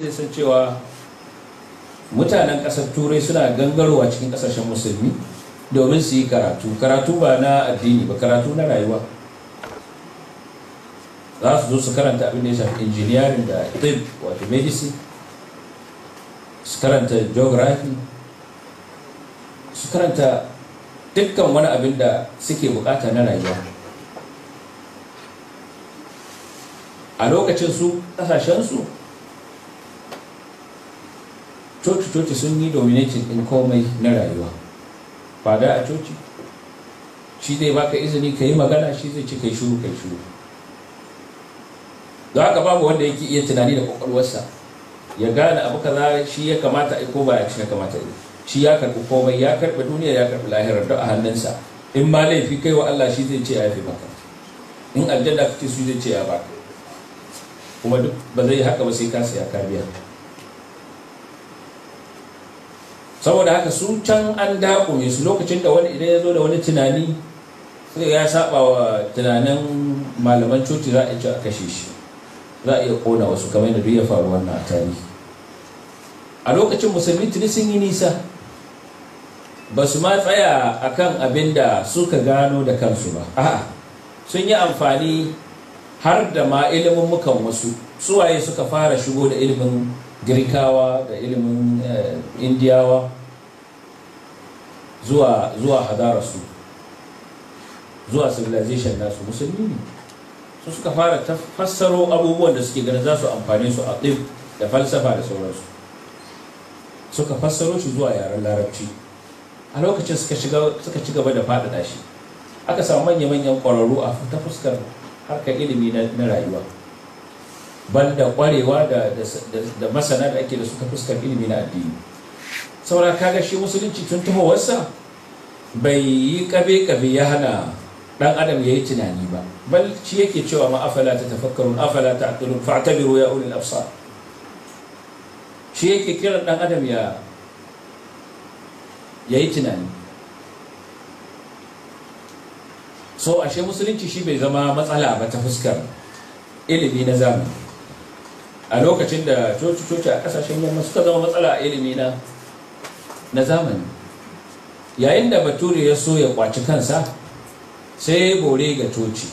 zai san cewa mutanen ƙasar turai suna gangarowa cikin ƙasashen musulmi domin su yi karatu karatu ba na addini ba karatu na rayuwa za su zo su karanta abin da ya shafi engineering da tib wato medicine su karanta geography su karanta dukkan wani abin da suke bukata na rayuwa a lokacin su kasashen su coci-coci sun yi dominating ɗin komai na rayuwa da a coci shi zai baka izini ka yi magana shi zai ci kai shuru kai shuru don haka babu wanda yake iya tunani da kwakwalwarsa ya gane abu kaza shi ya kamata a ko ba shi ya kamata a shi ya karɓi komai ya karɓi duniya ya karɓi lahirar don a hannunsa in ma laifi kai wa Allah shi zai ce ya fi maka in aljanna kake su zai ce ya baka kuma duk ba zai haka ba sai ka saya kabiya saboda haka su can an dakume su lokacin da wani idan ya zo da wani tunani sai ya saba wa tunanin malaman coci za a ci a kashe shi za a iya kona wasu kamar yadda duk ya faru wannan a tarihi a lokacin musulmi tuni sun yi nisa ba su ma tsaya kan abin da suka gano da kansu ba a'a sun yi amfani har da ma ilimin mukan wasu suwaye suka fara shigo da ilimin girkawa da ilimin eh, indiyawa zuwa zuwa hadararsu zuwa civilization nasu musulmi ne su suka fara fassaro abubuwan da suke ganin za su amfane su a ɗin da falsafa da sauransu suka fassaro shi zuwa yaren larabci a lokacin suka ci gaba da faɗaɗa shi aka samu manya-manyan ƙwararru a ta fuskar harkar ilimi na rayuwa banda kwarewa da masana da ake da suka fuskar ilimi na addini saura kaga shi musulunci tun tahowarsa bai yi kabe-kabe ya hana dan adam ya yi tunani ba bal shi yake cewa ma afala ta tafakkarun afala ta aqilun fa'tabiru ya ulil absar shi yake kiran dan adam ya yayi tunani so ashe musulunci shi bai zama matsala ba ta fuskar ilimi na zamani a lokacin da coci-coci a kasashen yamma suka zama matsala a ilimi na na zamani yayin da bature ya so ya kwaci kansa sai bore ga coci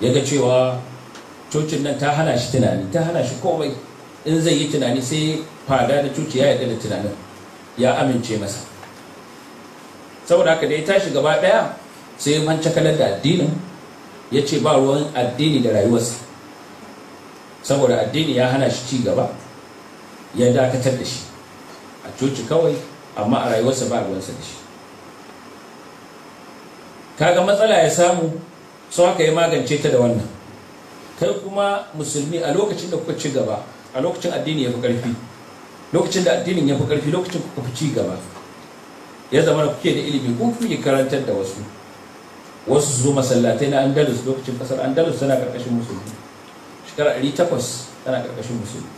ya ga cewa cocin nan ta hana shi tunani ta hana shi komai in zai yi tunani sai fada da coci ya yi da tunanin ya amince masa saboda haka dai tashi gaba daya sai ya manci kalar da addinin ya ce ba ruwan addini da rayuwarsa saboda addini ya hana shi ci gaba ya dakatar da shi a coci kawai amma a rayuwarsa ba ruwansa da shi kaga matsala ya samu sau haka ya magance ta da wannan kai kuma musulmi a lokacin da kuka ci gaba a lokacin addini ya fi ƙarfi lokacin da addinin ya fi ƙarfi lokacin kuka fi ci gaba ya zama da kuke da ilimi ko kuke karantar da wasu wasu su zo masallatai na andalus lokacin kasar andalus suna ƙarƙashin musulmi shekara 800 tana ƙarƙashin musulmi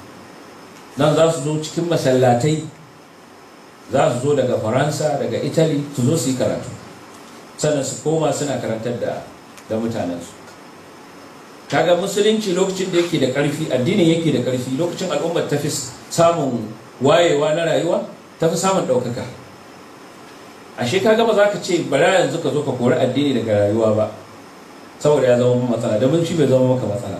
nan za su zo cikin masallatai za su zo daga faransa daga italy su zo su yi karatu sannan su koma suna karantar da da mutanensu kaga musulunci lokacin da yake da ƙarfi addinin yake da karfi lokacin al'ummar ta fi samun wayewa na rayuwa ta fi samun ɗaukaka ashe ka ba za ka ce bara yanzu ka zo ka kori addini daga rayuwa ba saboda ya zama matsala domin shi bai zama maka matsala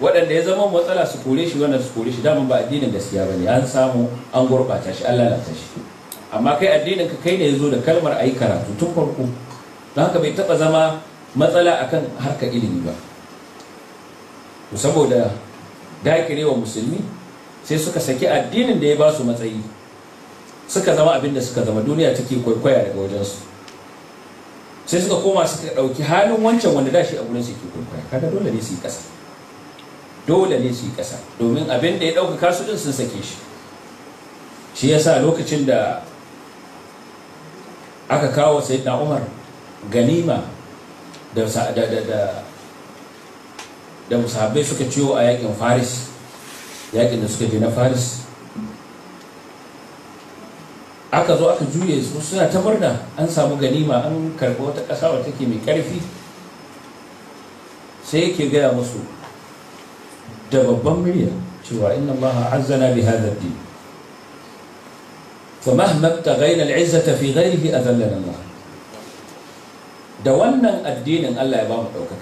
waɗanda ya zama matsala su kore shi wannan su kore shi daman ba addinin gaskiya bane an samu an gurɓata shi an lalata shi amma kai addinin ka kai ne ya zo da kalmar ayi karatu tun farko don haka bai taɓa zama matsala akan harka ilimi ba saboda dakirewa musulmi sai suka saki addinin da ya ba su matsayi suka zama abin da suka zama duniya take kwaikwaya daga wajensu sai suka koma suka ɗauki halin wancan wanda da shi a gurin su ke kwaikwaya kaga dole ne su yi ƙasa dole ne su yi ƙasa domin abin da ya ɗaukaka su ɗin sun sake shi shi ya sa lokacin da aka kawo sai na umar ganima da da musabbai suka ciwo a yakin faris yakin da suka je na faris aka zo aka juye su suna ta murna an samu ganima an karɓi wata ƙasa wata take mai ƙarfi sai yake gaya musu da babban murya cewa inna Allah azzana bi hadha ad-din fa mahma ibtaghayna al-izzata fi ghayrihi azallana allah da wannan addinin Allah ya ba mu daukaka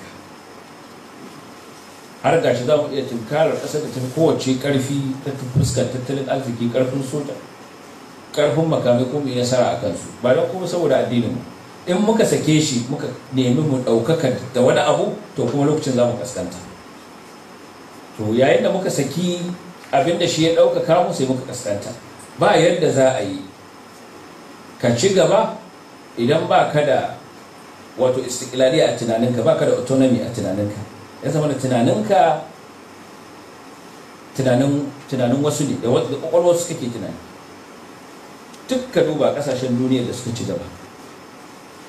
har gashi za mu iya tunkarar kasar da ta fi kowace karfi ta fuskar tattalin arziki ƙarfin soja Karfin makami ko mu nasara a kansu ba don kuma saboda addinin mu in muka sake shi muka nemi mu ɗaukaka da wani abu to kuma lokacin za mu kaskanta to yayin da muka saki abin da shi ya ɗaukaka mu sai muka kaskanta ba yadda za a yi ka ci gaba idan ba ka da wato istiklali a tunaninka ba ka da autonomy a tunaninka ya zama da tunaninka tunanin wasu ne da kwakwalwarsu kake tunani duk ka duba kasashen duniya da suka ci gaba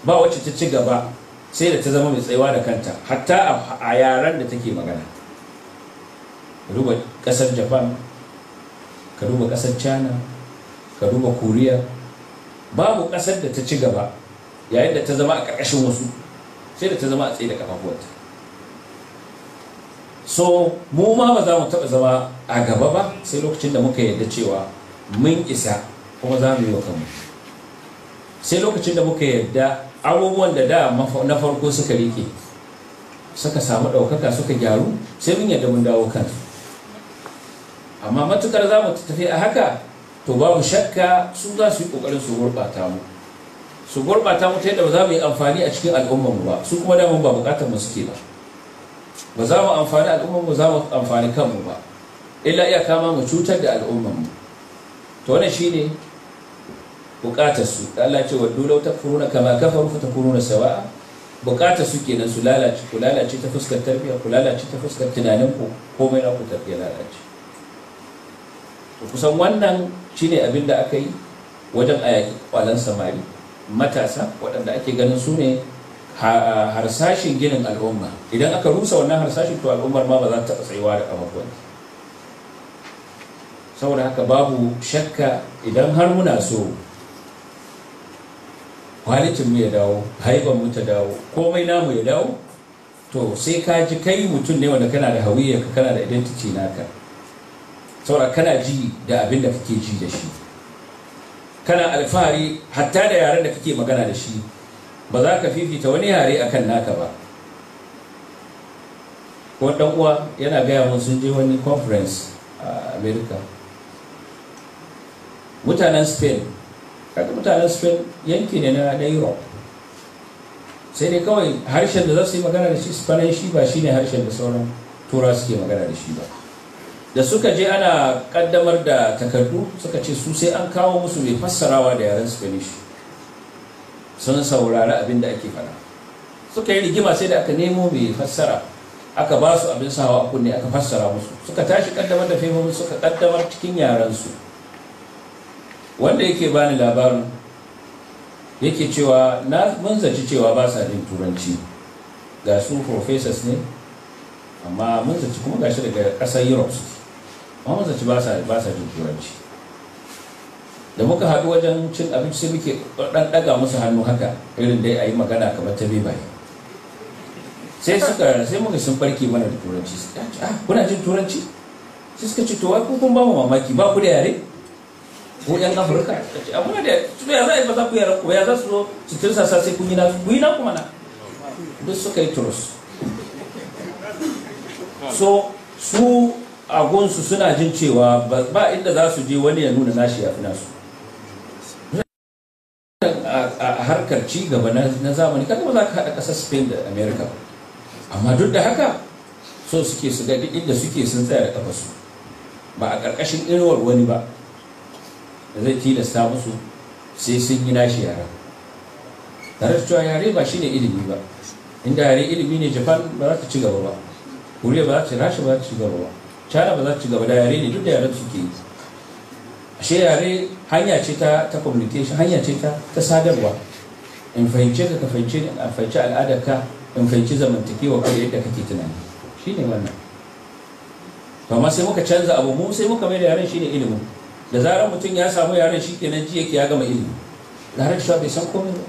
ba wacce ta ci gaba sai da ta zama mai tsayuwa da kanta hatta a yaren da take magana ka duba kasar japan ka duba kasar china ka duba koriya babu kasar da ta ci gaba yayin da ta zama a ƙarƙashin wasu sai da ta zama a tsaye da kafafuwanta so mu ma ba za mu taɓa zama a gaba ba sai lokacin da muka yarda cewa mun isa kuma za mu yi wa kanmu sai lokacin da muka yarda abubuwan da da na farko suka rike suka samu ɗaukaka suka gyaru sai mun yarda mun dawo kansu amma matukar za mu tafi a haka to babu shakka su za su yi kokarin su gurɓata mu su gurɓata mu ta yadda ba za mu yi amfani a cikin al'ummar mu ba su kuma daman ba bukatar mu suke ba ba za mu amfani al'ummar mu za mu amfani kanmu ba illa iya kama mu cutar da al'ummar mu to wannan shine bukatar su Allah ce waddu ta furuna kama kafaru fa furuna sawa'a bukatar su kenan su lalace ku lalace ta fuskar tarbiyya ku lalace ta fuskar tunanin ku komai na ku tafiya lalace to kusan wannan shine abin da aka yi wajen ayaki kwalan samari matasa waɗanda ake ganin su ne harsashin ginin al'umma idan aka rusa wannan harsashin to al'ummar ma ba za ta tsayuwa da kamakon saboda haka babu shakka idan har muna so kwalitin mu ya dawo haiban mu ta dawo komai namu ya dawo to sai ka ji kai mutum ne wanda kana da hawiyarka kana da identity naka saboda kana ji da abin da kake ji da shi kana alfahari hatta da yaren da kake magana da shi ba za ka fifita wani yare akan naka ba ko ɗan uwa yana gaya mun sun je wani conference a america mutanen spain kaga mutanen spain yanki ne na europe sai dai kawai harshen da za su yi magana da shi spanish ba shine harshen da sauran turawa suke magana da shi ba da suka je ana kaddamar da takardu suka ce su sai an kawo musu mai fassarawa da yaren spanish sun saurari abin da ake fara suka yi rigima sai da aka nemo mai fassara aka ba su abin sawa a kunne aka fassara musu suka tashi kaddamar da faimomin suka kaddamar cikin yaren su wanda yake bani labarin yake cewa na mun cewa ba sa jin turanci ga su professors ne amma mun kuma gashi daga ƙasar europe mamazanci ba sa ba sa jin turanci da muka haɗu wajen cin abinci sai muke ɗan ɗaga musu hannu haka irin dai a yi magana kamar ta bebaye sai suka sai muka sun barke mana da turanci ah, kuna jin turanci sai suka ce to wai kun ba mu mamaki ba ku da yare ko yan afirka a ah, muna da su ya za a yi ba za ku yare ko ya za su zo su tirsa sa sai kun yi nasu ku yi na kuma na duk suka yi turus so su a suna jin cewa ba inda za su je wani ya nuna nashi ya fi nasu a harkar ci gaba na zamani kada ba za ka haɗa ƙasar spain da america amma duk da haka so suke su duk inda suke sun tsaya da su ba a ƙarƙashin inuwar wani ba da zai tilasta musu sai sun yi nashi yara tare da cewa yare ba shine ilimi ba inda yare ilimi ne japan ba za ta ci gaba ba koriya ba za ta ci rasha ba za ta ci gaba ba Cara ba za ta ci gaba da yare ne duk da yaren suke yi ashe yare hanya ce ta ta communication hanya ce ta ta sadarwa in fahimce ka ka fahimce ni a fahimci al'adar ka in fahimci zamantakewa kai yadda kake tunani shine wannan to amma sai muka canza abu mu sai muka mai da yaren shine ilimin da zarar mutum ya samu yaren shi kenan ji yake ya gama ilimi yaren shi bai san komai ba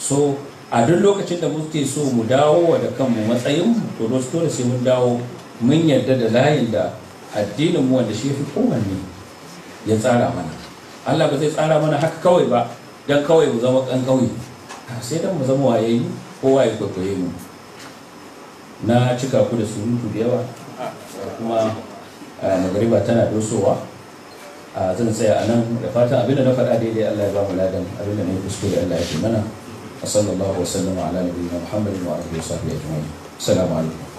so a duk lokacin da muke so mu dawo da kanmu matsayin to dole sai mun dawo mun yarda da layin da addinin mu wanda shi fi kowanne ya tsara mana Allah ba zai tsara mana haka kawai ba dan kawai mu zama kan kawai sai dan mu zama wayayi ko waye kwaikwaye mu na cika ku da surutu da yawa kuma magariba tana dosowa a zan tsaya a nan da fatan abin da na faɗa daidai Allah ya ba mu ladan abin da na yi kuskure Allah ya fi mana wa sallallahu wa sallama ala nabiyina Muhammadin wa alihi wa sahbihi ajma'in assalamu alaikum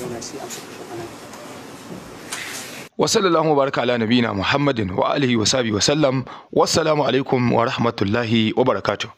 zauna sai amsa kashe kwanan وصلى الله وبارك على نبينا محمد وآله وصحبه وسلم والسلام عليكم ورحمة الله وبركاته